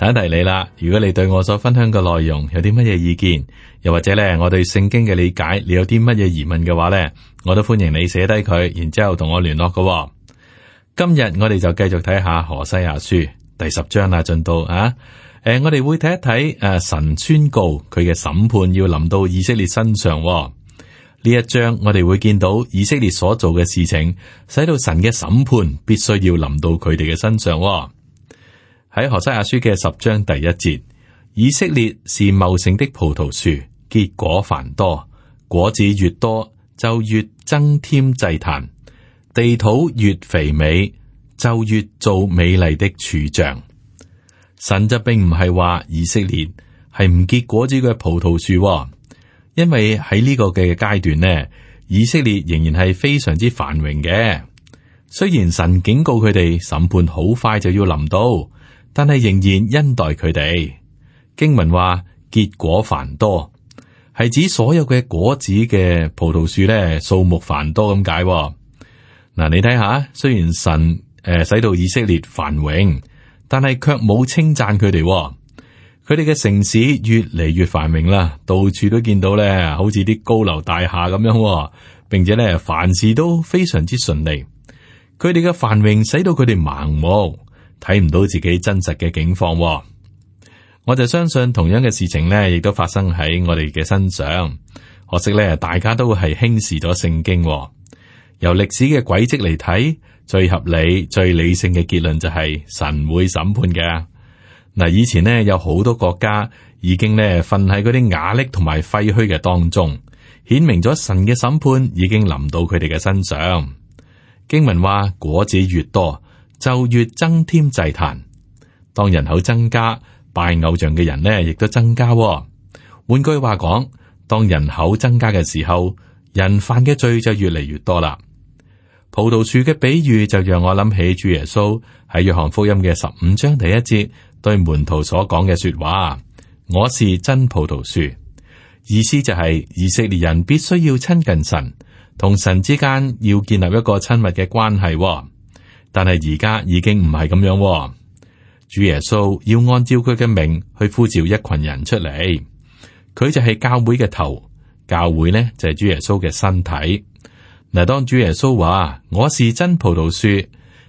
睇睇你啦，如果你對我所分享嘅內容有啲乜嘢意見，又或者咧，我對聖經嘅理解，你有啲乜嘢疑問嘅話咧，我都歡迎你寫低佢，然之後同我聯絡嘅、哦。今日我哋就繼續睇下何西阿書第十章啦，進度啊，誒、呃，我哋會睇一睇誒，神宣告佢嘅審判要臨到以色列身上、哦。呢一章我哋會見到以色列所做嘅事情，使到神嘅審判必須要臨到佢哋嘅身上、哦。喺何西阿書嘅十章第一節，以色列是茂盛的葡萄樹，結果繁多，果子越多就越增添祭壇，地土越肥美就越做美麗的柱像。神則並唔係話以色列係唔結果子嘅葡萄樹，因為喺呢個嘅階段呢，以色列仍然係非常之繁榮嘅。雖然神警告佢哋審判好快就要臨到。但係仍然恩待佢哋。經文話結果繁多，係指所有嘅果子嘅葡萄樹咧，數目繁多咁解。嗱，你睇下，雖然神誒使到以色列繁榮，但係卻冇稱讚佢哋。佢哋嘅城市越嚟越繁榮啦，到處都見到咧，好似啲高樓大廈咁樣，並且咧凡事都非常之順利。佢哋嘅繁榮使到佢哋盲目。睇唔到自己真實嘅境況，我就相信同樣嘅事情呢亦都發生喺我哋嘅身上。可惜呢大家都係輕視咗聖經喎。由歷史嘅軌跡嚟睇，最合理、最理性嘅結論就係神會審判嘅。嗱，以前呢有好多國家已經呢瞓喺嗰啲瓦礫同埋廢墟嘅當中，顯明咗神嘅審判已經臨到佢哋嘅身上。經文話：果子越多。就越增添祭壇。當人口增加，拜偶像嘅人呢亦都增加。換句話講，當人口增加嘅時候，人犯嘅罪就越嚟越多啦。葡萄樹嘅比喻就讓我諗起主耶穌喺約翰福音嘅十五章第一節對門徒所講嘅說話：我是真葡萄樹。意思就係、是、以色列人必須要親近神，同神之間要建立一個親密嘅關係。但係而家已經唔係咁樣，主耶穌要按照佢嘅命去呼召一群人出嚟，佢就係教會嘅頭，教會呢就係主耶穌嘅身體。嗱，當主耶穌話我是真葡萄樹，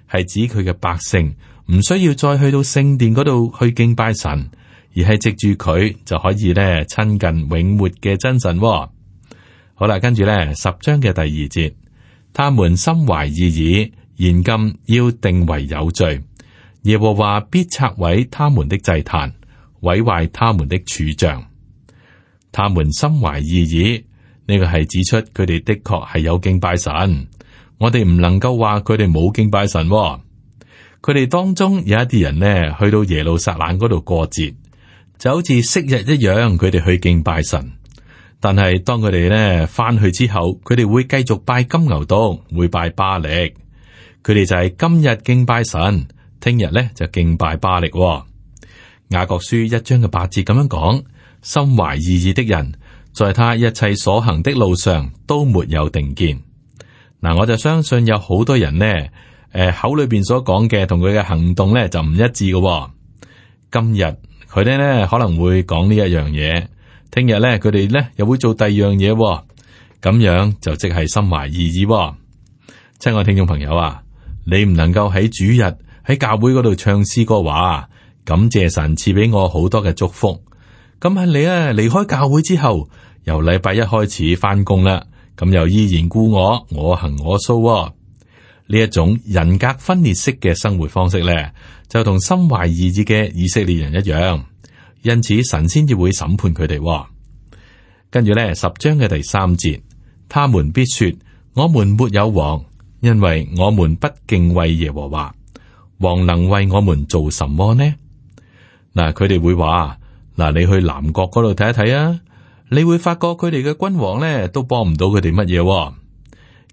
係指佢嘅百姓唔需要再去到聖殿嗰度去敬拜神，而係藉住佢就可以呢親近永活嘅真神。好啦，跟住咧十章嘅第二節，他們心懷二意。現今要定為有罪，耶和華必拆毀他們的祭壇，毀壞他們的柱像。他們心懷二意，呢個係指出佢哋的確係有敬拜神。我哋唔能夠話佢哋冇敬拜神。佢哋當中有一啲人呢，去到耶路撒冷嗰度過節，就好似昔日一樣，佢哋去敬拜神。但係當佢哋呢翻去之後，佢哋會繼續拜金牛犢，會拜巴力。佢哋就係今日敬拜神，聽日咧就敬拜巴力、哦。雅各書一章嘅八節咁樣講：心懷二意的人，在他一切所行的路上都沒有定見。嗱、啊，我就相信有好多人咧，誒、呃，口裏邊所講嘅同佢嘅行動咧就唔一致嘅、哦。今日佢哋咧可能會講呢一樣嘢，聽日咧佢哋咧又會做第二樣嘢、哦，咁樣就即係心懷二意、哦。親愛聽眾朋友啊！你唔能夠喺主日喺教會嗰度唱詩歌話，感謝神賜俾我好多嘅祝福。咁係你啊，離開教會之後，由禮拜一開始返工啦，咁又依然故我，我行我素、哦。呢一種人格分裂式嘅生活方式咧，就同心懷二意嘅以色列人一樣，因此神先至會審判佢哋、哦。跟住咧，十章嘅第三節，他們必說：我們沒有王。因為我們不敬畏耶和華，王能為我們做什麼呢？嗱，佢哋會話，嗱，你去南國嗰度睇一睇啊，你會發覺佢哋嘅君王咧都幫唔到佢哋乜嘢。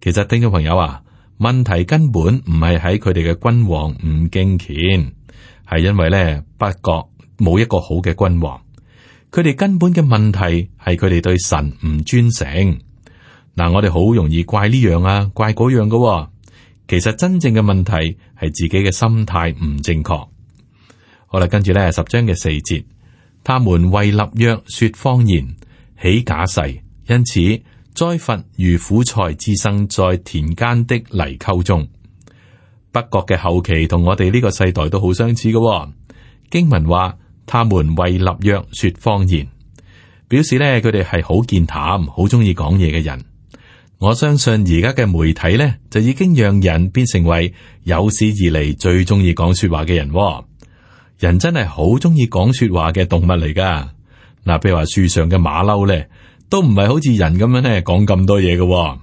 其實聽眾朋友啊，問題根本唔係喺佢哋嘅君王唔敬虔，係因為咧北國冇一個好嘅君王，佢哋根本嘅問題係佢哋對神唔尊誠。嗱，我哋好容易怪呢樣啊，怪嗰樣噶、哦。其實真正嘅問題係自己嘅心態唔正確。好啦，跟住咧十章嘅四節，他們為立約說謊言，起假誓，因此災罰如苦菜滋生在田間的泥溝中。北國嘅後期同我哋呢個世代都好相似噶、哦。經文話，他們為立約說謊言，表示呢，佢哋係好健談，好中意講嘢嘅人。我相信而家嘅媒體咧，就已經讓人變成為有史以嚟最中意講說話嘅人、哦。人真係好中意講說話嘅動物嚟噶。嗱，譬如話樹上嘅馬騮咧，都唔係好似人咁樣咧講咁多嘢嘅喎。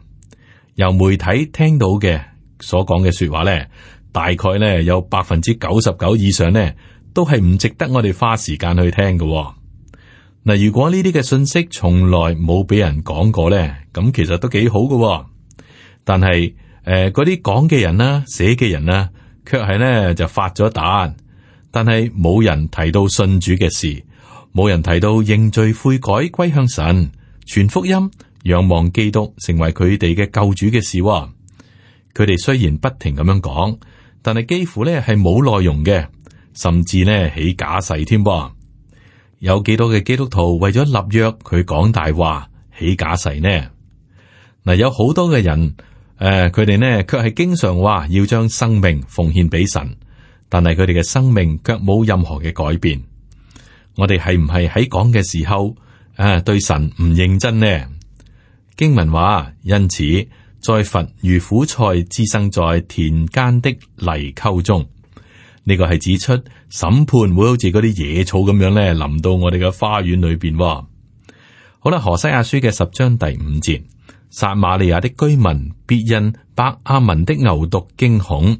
由媒體聽到嘅所講嘅說話咧，大概咧有百分之九十九以上咧，都係唔值得我哋花時間去聽嘅喎。嗱，如果呢啲嘅信息從來冇俾人講過咧，咁其實都幾好嘅。但係，誒、呃，嗰啲講嘅人啦、啊、寫嘅人啦、啊，卻係咧就發咗膽，但係冇人提到信主嘅事，冇人提到認罪悔改歸向神、全福音、仰望基督成為佢哋嘅救主嘅事。佢哋雖然不停咁樣講，但係幾乎咧係冇內容嘅，甚至呢起假誓添噃。有幾多嘅基督徒為咗立約，佢講大話，起假誓呢？嗱，有好多嘅人，誒、呃，佢哋呢，卻係經常話要將生命奉獻俾神，但係佢哋嘅生命卻冇任何嘅改變。我哋係唔係喺講嘅時候，誒、呃，對神唔認真呢？經文話，因此，災罰如苦菜滋生在田間的泥溝中。呢個係指出審判會好似嗰啲野草咁樣咧，臨到我哋嘅花園裏邊。好啦，何西阿書嘅十章第五節，撒瑪利亞的居民必因伯阿文的牛犢驚恐，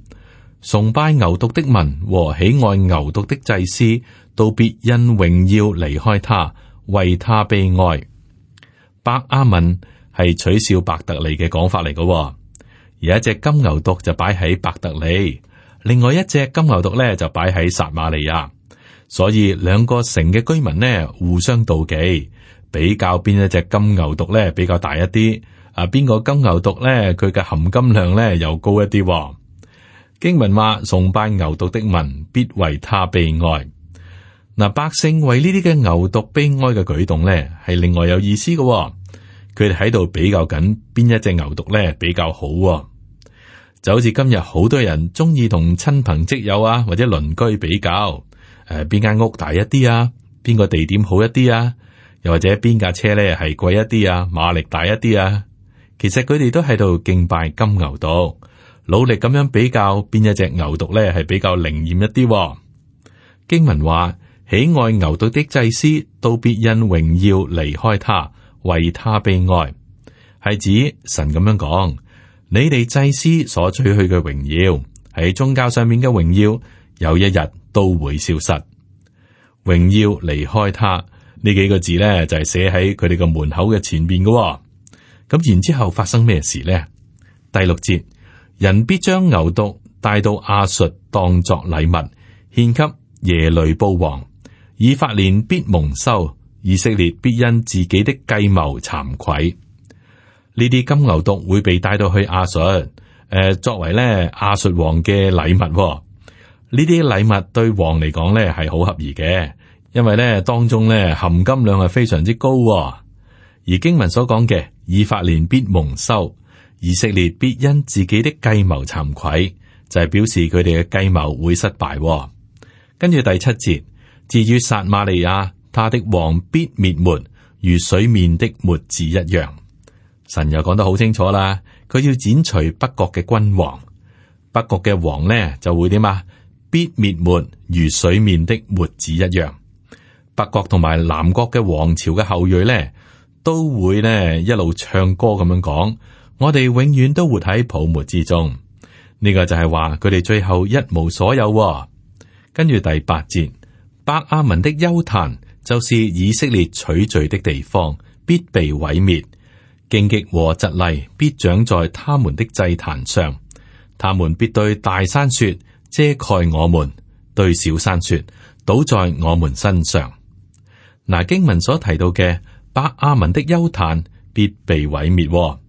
崇拜牛犢的民和喜愛牛犢的祭司，都必因榮耀離開他，為他悲哀。伯阿文係取笑伯特利嘅講法嚟嘅，而一隻金牛犢就擺喺伯特利。另外一隻金牛犢咧就擺喺撒瑪利亞，所以兩個城嘅居民咧互相妒忌，比較邊一隻金牛犢咧比較大一啲，啊邊個金牛犢咧佢嘅含金量咧又高一啲喎。經文話：崇拜牛犢的民必為他悲哀。嗱、啊，百姓為呢啲嘅牛犢悲哀嘅舉動咧係另外有意思嘅喎，佢哋喺度比較緊邊一隻牛犢咧比較好喎。就好似今日好多人中意同親朋戚友啊或者鄰居比較，誒，邊間屋大一啲啊，邊個地點好一啲啊，又或者邊架車咧係貴一啲啊，馬力大一啲啊，其實佢哋都喺度敬拜金牛犢，努力咁樣比較邊一隻牛犢咧係比較靈驗一啲，啊。經文話，喜愛牛犢的祭司都必因榮耀離開他，為他悲哀，係指神咁樣講。你哋祭司所取去嘅榮耀，喺宗教上面嘅榮耀，有一日都會消失。榮耀離開他呢幾個字咧，就係、是、寫喺佢哋嘅門口嘅前邊嘅、哦。咁然之後發生咩事咧？第六節，人必將牛犢帶到亞述當作禮物獻給耶雷布王，以法蓮必蒙羞，以色列必因自己的計謀慚愧。呢啲金牛犢會被帶到去亞述，誒、呃，作為咧亞述王嘅禮物、哦。呢啲禮物對王嚟講咧係好合宜嘅，因為咧當中咧含金量係非常之高、哦。而經文所講嘅以法連必蒙羞，以色列必因自己的計謀慚愧，就係、是、表示佢哋嘅計謀會失敗、哦。跟住第七節，至於撒瑪利亞，他的王必滅沒，如水面的沫子一樣。神又講得好清楚啦，佢要剪除北國嘅君王，北國嘅王呢就會點啊？必滅沒，如水面的沫子一樣。北國同埋南國嘅王朝嘅後裔呢，都會呢一路唱歌咁樣講，我哋永遠都活喺泡沫之中，呢、這個就係話佢哋最後一無所有、哦。跟住第八節，伯亞文的邱壇就是以色列取罪的地方，必被毀滅。荊棘和蒺藜必長在他們的祭壇上，他們必對大山說遮蓋我們，對小山說倒在我們身上。嗱、啊，經文所提到嘅，伯亞文的邱壇必被毀滅、哦，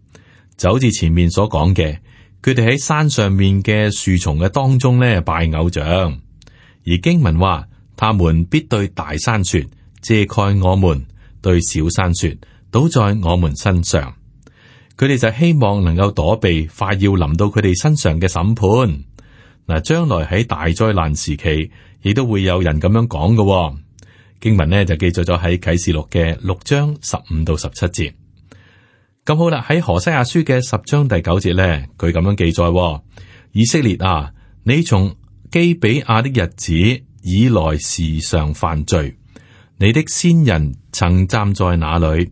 就好似前面所講嘅，佢哋喺山上面嘅樹叢嘅當中咧拜偶像，而經文話，他們必對大山說遮蓋我們，對小山說。倒在我們身上，佢哋就希望能夠躲避快要臨到佢哋身上嘅審判。嗱，將來喺大災難時期，亦都會有人咁樣講嘅、哦、經文呢就記載咗喺啟示錄嘅六章十五到十七節。咁好啦，喺何西阿書嘅十章第九節呢，佢咁樣記載、哦：以色列啊，你從基比亞的日子以來，時常犯罪，你的先人曾站在那裏？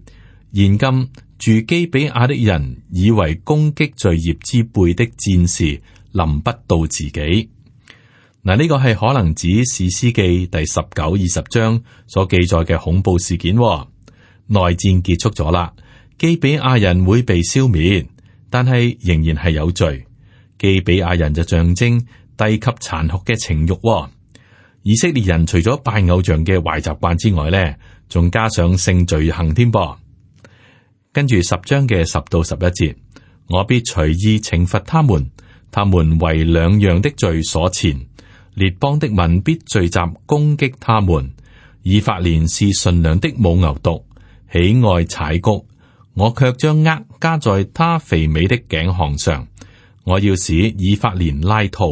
現今住基比亞的人以為攻擊罪孽之輩的戰士，臨不到自己。嗱，呢個係可能指《士師記》第十九、二十章所記載嘅恐怖事件內戰結束咗啦，基比亞人會被消滅，但係仍然係有罪。基比亞人就象徵低級殘酷嘅情欲。以色列人除咗拜偶像嘅壞習慣之外，呢仲加上性罪行添噃。跟住十章嘅十到十一節，我必隨意懲罰他們，他們為兩樣的罪所纏。列邦的民必聚集攻擊他們。以法蓮是馴良的母牛犢，喜愛踩穀，我却將軛加在他肥美的頸項上。我要使以法蓮拉套，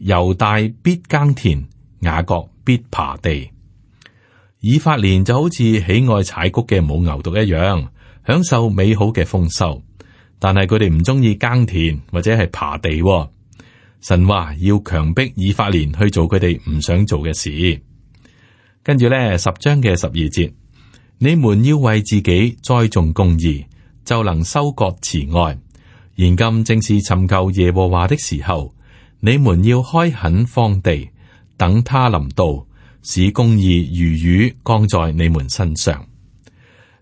猶大必耕田，雅各必耙地。以法蓮就好似喜愛踩穀嘅母牛犢一樣，享受美好嘅豐收，但係佢哋唔中意耕田或者係耙地，哦。神話要強迫以法蓮去做佢哋唔想做嘅事。跟住咧，十章嘅十二節，你們要為自己栽種公義，就能收割慈愛。現今正是尋求耶和華的時候，你們要開墾荒地，等他臨到，使公義如雨降在你們身上。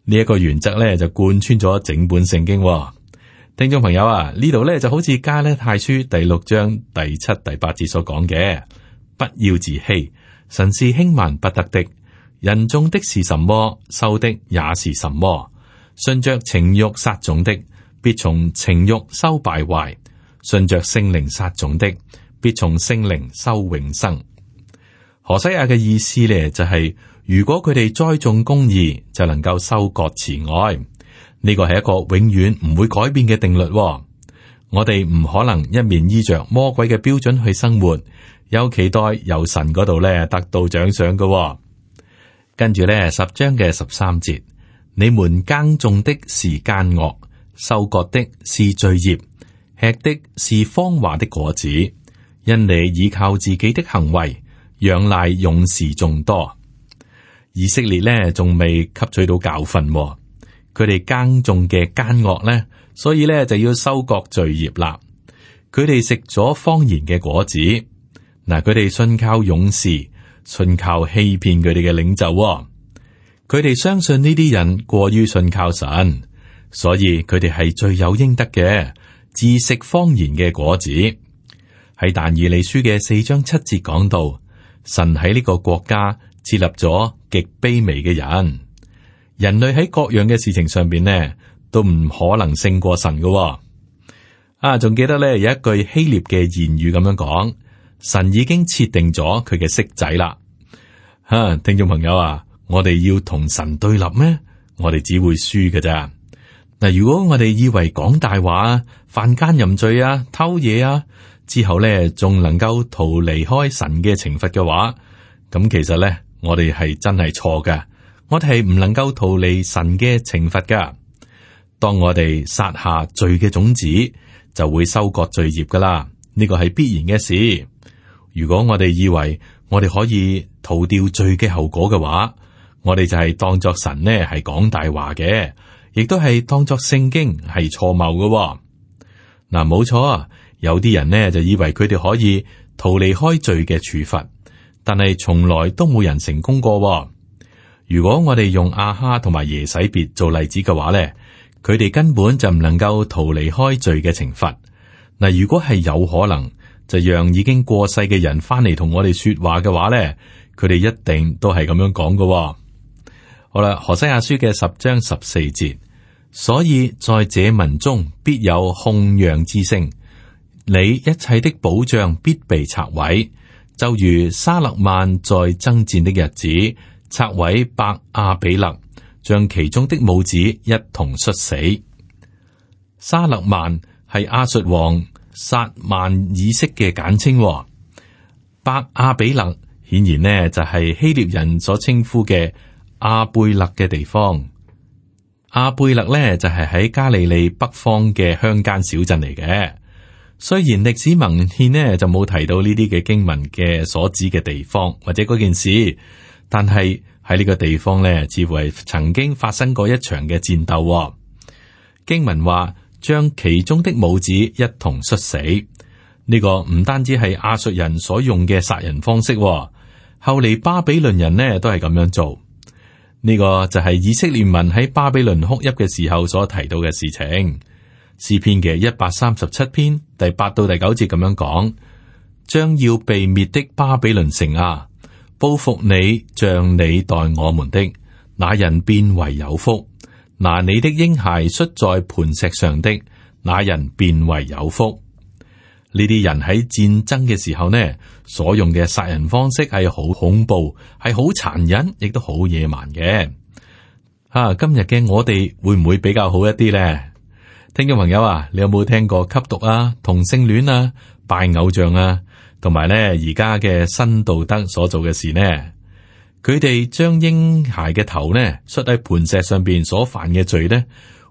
呢一個原則咧就貫穿咗整本聖經、哦，聽眾朋友啊，呢度咧就好似加拉太書第六章第七、第八節所講嘅，不要自欺，神是輕慢不得的，人種的是什麼，收的也是什麼。順着情欲撒種的，必從情欲收敗壞；順着聖靈撒種的，必從聖靈收永生。何西阿嘅意思咧就係、是。如果佢哋栽種公義，就能夠收割慈愛。呢個係一個永遠唔會改變嘅定律，哦。我哋唔可能一面依着魔鬼嘅標準去生活，有期待由神嗰度咧得到獎賞嘅。跟住咧，十章嘅十三節，你們耕種的是奸惡，收割的是罪孽，吃的是謊話的果子，因你倚靠自己的行為，仰賴勇士眾多。以色列咧仲未吸取到教訓，佢哋耕種嘅奸惡咧，所以咧就要收割罪孽啦。佢哋食咗謊言嘅果子，嗱，佢哋信靠勇士，信靠欺騙佢哋嘅領袖，佢哋相信呢啲人過於信靠神，所以佢哋係罪有應得嘅，自食謊言嘅果子。喺但以理書嘅四章七節講到，神喺呢個國家設立咗。極卑微嘅人，人類喺各樣嘅事情上邊呢，都唔可能勝過神嘅、哦。啊，仲記得呢？有一句希臘嘅言語咁樣講：神已經設定咗佢嘅色仔啦。吓、啊，聽眾朋友啊，我哋要同神對立咩？我哋只會輸㗎咋。嗱，如果我哋以為講大話啊、犯奸淫罪啊、偷嘢啊，之後呢仲能夠逃離開神嘅懲罰嘅話，咁其實呢。我哋係真係錯嘅，我哋係唔能夠逃離神嘅懲罰噶。當我哋撒下罪嘅種子，就會收割罪業噶啦。呢個係必然嘅事。如果我哋以為我哋可以逃掉罪嘅後果嘅話，我哋就係當作神呢係講大話嘅，亦都係當作聖經係錯謬嘅。嗱，冇錯啊，有啲人呢就以為佢哋可以逃離開罪嘅處罰。但係從來都冇人成功過、哦。如果我哋用亞哈同埋耶洗別做例子嘅話咧，佢哋根本就唔能夠逃離開罪嘅懲罰。嗱，如果係有可能，就讓已經過世嘅人翻嚟同我哋說話嘅話咧，佢哋一定都係咁樣講噶、哦。好啦，何西阿書嘅十章十四節，所以在這民中必有鬨嚷之聲，你一切的保障必被拆毀。就如沙勒曼在征戰的日子，拆毀伯阿比勒，將其中的母子一同摔死。沙勒曼係亞述王薩曼以色嘅簡稱，伯阿比勒顯然呢就係希臘人所稱呼嘅阿貝勒嘅地方。阿貝勒呢就係喺加利利北方嘅鄉間小鎮嚟嘅。雖然歷史文獻呢就冇提到呢啲嘅經文嘅所指嘅地方或者嗰件事，但係喺呢個地方呢，似乎曾經發生過一場嘅戰鬥。經文話將其中的母子一同摔死，呢個唔單止係亞述人所用嘅殺人方式，後嚟巴比倫人呢都係咁樣做。呢個就係以色列民喺巴比倫哭泣嘅時候所提到嘅事情。詩篇嘅一百三十七篇第八到第九節咁樣講，將要被滅的巴比倫城啊，報復你像你待我們的那人變為有福；拿你的嬰孩摔在磐石上的那人變為有福。呢啲人喺戰爭嘅時候呢，所用嘅殺人方式係好恐怖，係好殘忍，亦都好野蠻嘅。啊，今日嘅我哋會唔會比較好一啲呢？聽眾朋友啊，你有冇聽過吸毒啊、同性戀啊、拜偶像啊，同埋咧而家嘅新道德所做嘅事呢？佢哋將嬰孩嘅頭呢摔，喺磐石上邊所犯嘅罪呢，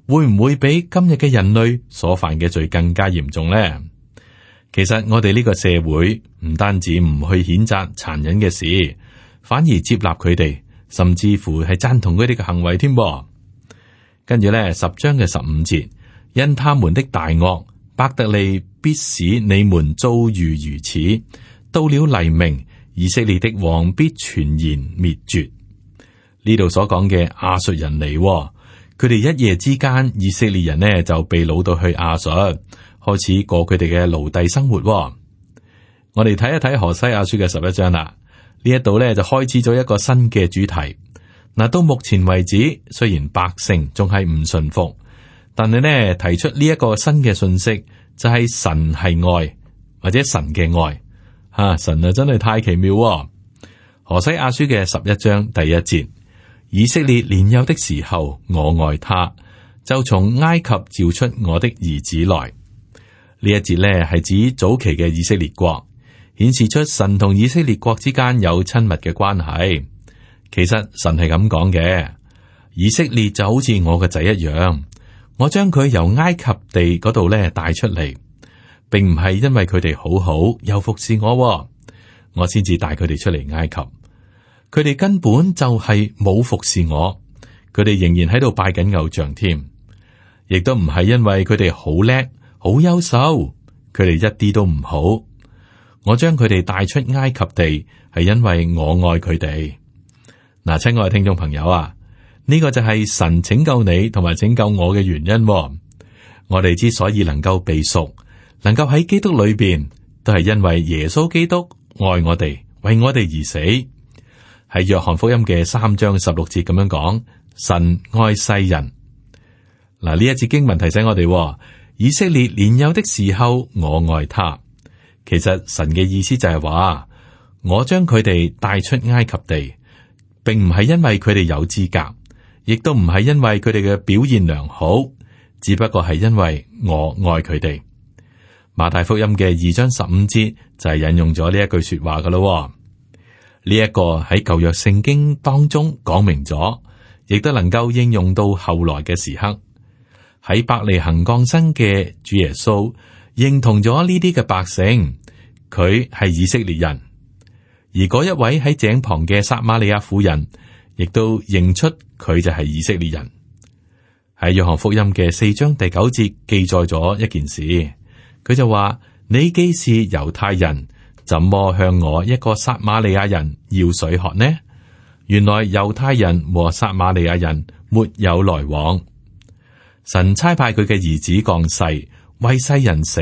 會唔會比今日嘅人類所犯嘅罪更加嚴重呢？其實我哋呢個社會唔單止唔去譴責殘忍嘅事，反而接納佢哋，甚至乎係贊同佢哋嘅行為添噃。跟住咧十章嘅十五節。因他們的大惡，伯特利必使你們遭遇如此。到了黎明，以色列的王必全然滅絕。呢度所講嘅亞述人嚟、哦，佢哋一夜之間，以色列人呢就被擄到去亞述，開始過佢哋嘅奴隸生活、哦。我哋睇一睇何西阿書嘅十一章啦。呢一度呢，就開始咗一個新嘅主題。嗱，到目前為止，雖然百姓仲係唔順服。但係呢，提出呢一個新嘅信息就係、是、神係愛或者神嘅愛吓、啊，神啊真係太奇妙。何西阿書嘅十一章第一節，以色列年幼的時候，我愛他，就從埃及召出我的兒子來。一節，呢一節呢係指早期嘅以色列國，顯示出神同以色列國之間有親密嘅關係。其實神係咁講嘅，以色列就好似我嘅仔一樣。我將佢由埃及地嗰度咧帶出嚟，並唔係因為佢哋好好又服侍我，我先至帶佢哋出嚟埃及。佢哋根本就係冇服侍我，佢哋仍然喺度拜緊偶像添，亦都唔係因為佢哋好叻好優秀，佢哋一啲都唔好。我將佢哋帶出埃及地，係因為我愛佢哋。嗱，親愛嘅聽眾朋友啊！呢個就係神拯救你同埋拯救我嘅原因。我哋之所以能夠被贖，能夠喺基督裏邊，都係因為耶穌基督愛我哋，為我哋而死。喺約翰福音嘅三章十六節咁樣講，神愛世人。嗱，呢一節經文提醒我哋，以色列年幼的時候，我愛他。其實神嘅意思就係話，我將佢哋帶出埃及地，並唔係因為佢哋有資格。亦都唔係因為佢哋嘅表現良好，只不過係因為我愛佢哋。馬太福音嘅二章十五節就係引用咗呢一句說話噶咯。呢、這、一個喺舊約聖經當中講明咗，亦都能夠應用到後來嘅時刻。喺伯利恒降生嘅主耶穌認同咗呢啲嘅百姓，佢係以色列人，而嗰一位喺井旁嘅撒瑪利亞婦人，亦都認出佢就係以色列人，喺約翰福音嘅四章第九節記載咗一件事。佢就話：你既是猶太人，怎麼向我一個撒瑪利亞人要水喝呢？原來猶太人和撒瑪利亞人沒有來往。神差派佢嘅兒子降世為世人死，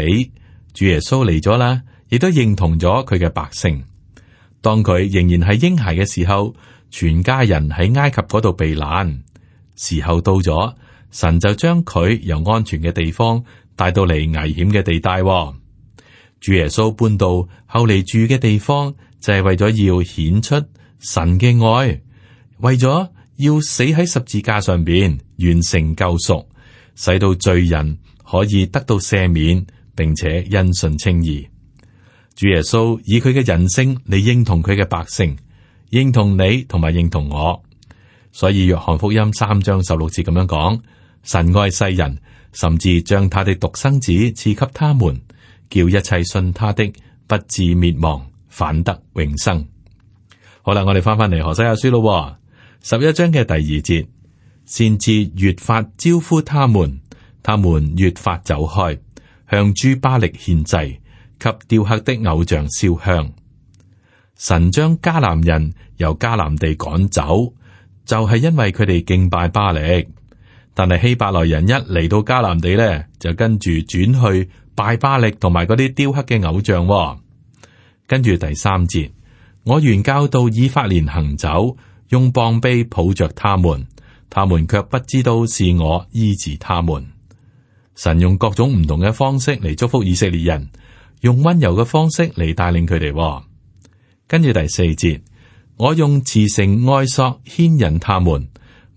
主耶穌嚟咗啦，亦都認同咗佢嘅百姓。當佢仍然係嬰孩嘅時候。全家人喺埃及嗰度避難，時候到咗，神就將佢由安全嘅地方帶到嚟危險嘅地帶，哦。主耶穌搬到後嚟住嘅地方，就係為咗要顯出神嘅愛，為咗要死喺十字架上邊完成救贖，使到罪人可以得到赦免，並且因信稱義。主耶穌以佢嘅人性嚟認同佢嘅百姓。認同你同埋認同我，所以約翰福音三章十六節咁樣講：神愛世人，甚至將他的獨生子賜給他們，叫一切信他的不至滅亡，反得永生。好啦，我哋翻翻嚟何西阿書咯，十一章嘅第二節，先知越發招呼他們，他們越發走開，向諸巴力獻祭給雕刻的偶像燒香。神將迦南人由迦南地趕走，就係、是、因為佢哋敬拜巴力。但係希伯來人一嚟到迦南地呢，就跟住轉去拜巴力同埋嗰啲雕刻嘅偶像、哦。跟住第三節，我原教導以法蓮行走，用膀臂抱着他們，他們卻不知道是我醫治他們。神用各種唔同嘅方式嚟祝福以色列人，用温柔嘅方式嚟帶領佢哋、哦。跟住第四節，我用慈繩愛索牽引他們，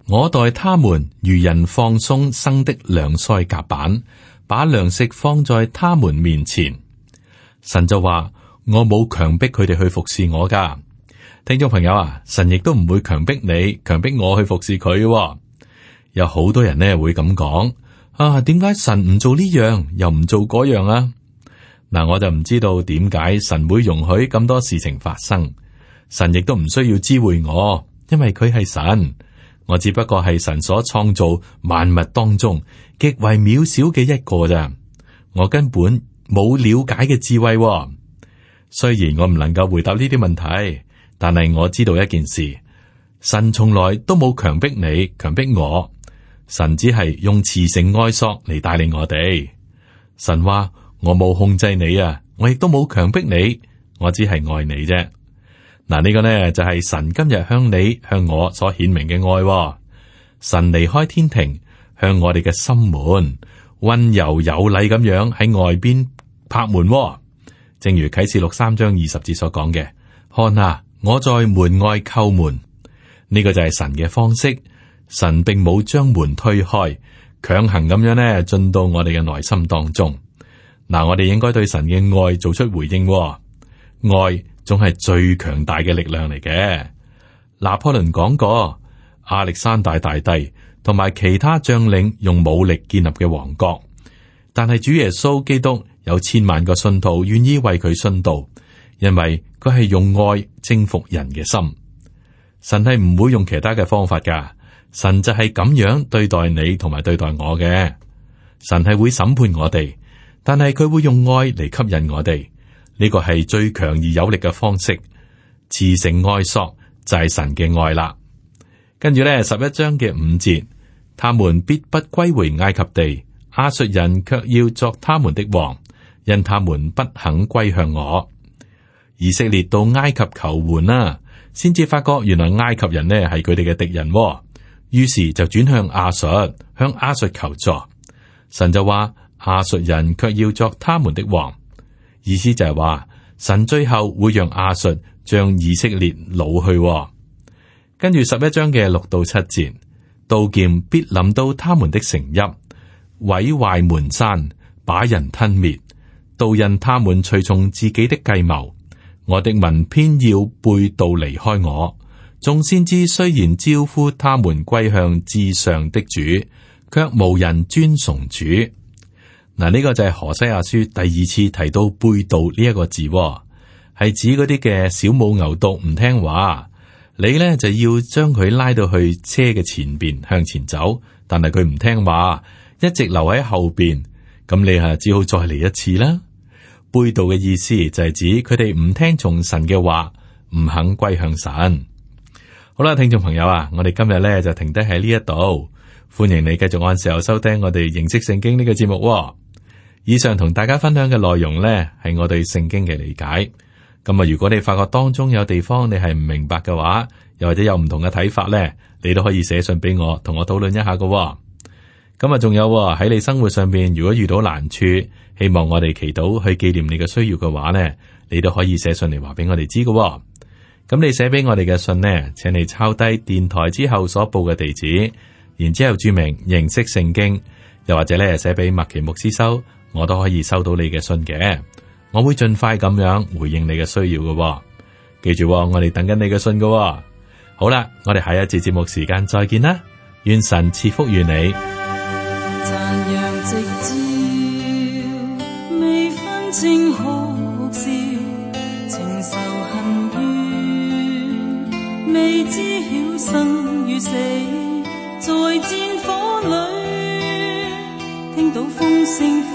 我待他們如人放鬆牛的兩腮夾板，把糧食放在他們面前。神就話：我冇強迫佢哋去服侍我噶。聽眾朋友啊，神亦都唔會強迫你、強迫我去服侍佢。有好多人呢會咁講啊，點解神唔做呢樣，又唔做嗰樣啊？嗱，我就唔知道點解神會容許咁多事情發生，神亦都唔需要知會我，因為佢係神，我只不過係神所創造萬物當中極為渺小嘅一個咋。我根本冇了解嘅智慧，雖然我唔能夠回答呢啲問題，但係我知道一件事，神從來都冇強迫你，強迫我，神只係用慈繩愛索嚟帶領我哋。神話。我冇控制你啊，我亦都冇強迫你，我只係愛你啫。嗱，呢個呢，就係、是、神今日向你向我所顯明嘅愛、哦。神離開天庭，向我哋嘅心門温柔有禮咁樣喺外邊拍門、哦。正如啟示錄三章二十節所講嘅，看啊，我在門外叩門。呢、這個就係神嘅方式。神並冇將門推開，強行咁樣呢進到我哋嘅內心當中。嗱，我哋應該對神嘅愛做出回應喎。愛總係最強大嘅力量嚟嘅。拿破崙講過，亞歷山大大帝同埋其他將領用武力建立嘅王國，但係主耶穌基督有千萬個信徒願意為佢殉道，因為佢係用愛征服人嘅心。神係唔會用其他嘅方法噶，神就係咁樣對待你同埋對待我嘅。神係會審判我哋。但係佢會用愛嚟吸引我哋，呢個係最強而有力嘅方式。慈繩愛索就係神嘅愛啦。跟住咧，十一章嘅五節，他們必不歸回埃及地，亞述人卻要作他們的王，因他們不肯歸向我。以色列到埃及求援啦，先至發覺原來埃及人呢係佢哋嘅敵人，於是就轉向亞述，向亞述求助。神就話。亞述人卻要作他們的王，意思就係話神最後會讓亞述將以色列擄去，哦。跟住十一章嘅六到七節，刀劍必臨到他們的城邑，毀壞門閂，把人吞滅。都因他們隨從自己的計謀，我的民偏要背道離開我。眾先知雖然招呼他們歸向至上的主，卻無人尊崇主。嗱，呢個就係何西阿書第二次提到背道呢一個字喎，係指嗰啲嘅小母牛犢唔聽話，你咧就要將佢拉到去車嘅前邊向前走，但係佢唔聽話，一直留喺後邊，咁你啊只好再嚟一次啦。背道嘅意思就係指佢哋唔聽從神嘅話，唔肯歸向神。好啦，聽眾朋友啊，我哋今日咧就停低喺呢一度。歡迎你繼續按時候收聽我哋認識聖經呢個節目、哦。以上同大家分享嘅內容呢，係我對聖經嘅理解。咁啊，如果你發覺當中有地方你係唔明白嘅話，又或者有唔同嘅睇法呢，你都可以寫信俾我，同我討論一下噶、哦。咁啊、哦，仲有喺你生活上面如果遇到難處，希望我哋祈禱去紀念你嘅需要嘅話呢，你都可以寫信嚟話俾我哋知噶。咁你寫俾我哋嘅信呢，請你抄低電台之後所報嘅地址。然之後注明認識聖經，又或者咧，寫俾麥其牧師收，我都可以收到你嘅信嘅，我會盡快咁樣回應你嘅需要嘅、哦。記住、哦，我哋等緊你嘅信嘅、哦。好啦，我哋下一節節目時間再見啦，願神賜福於你。直照，未分清事未分情仇恨怨，未知曉生與死。在戰火裏聽到風聲。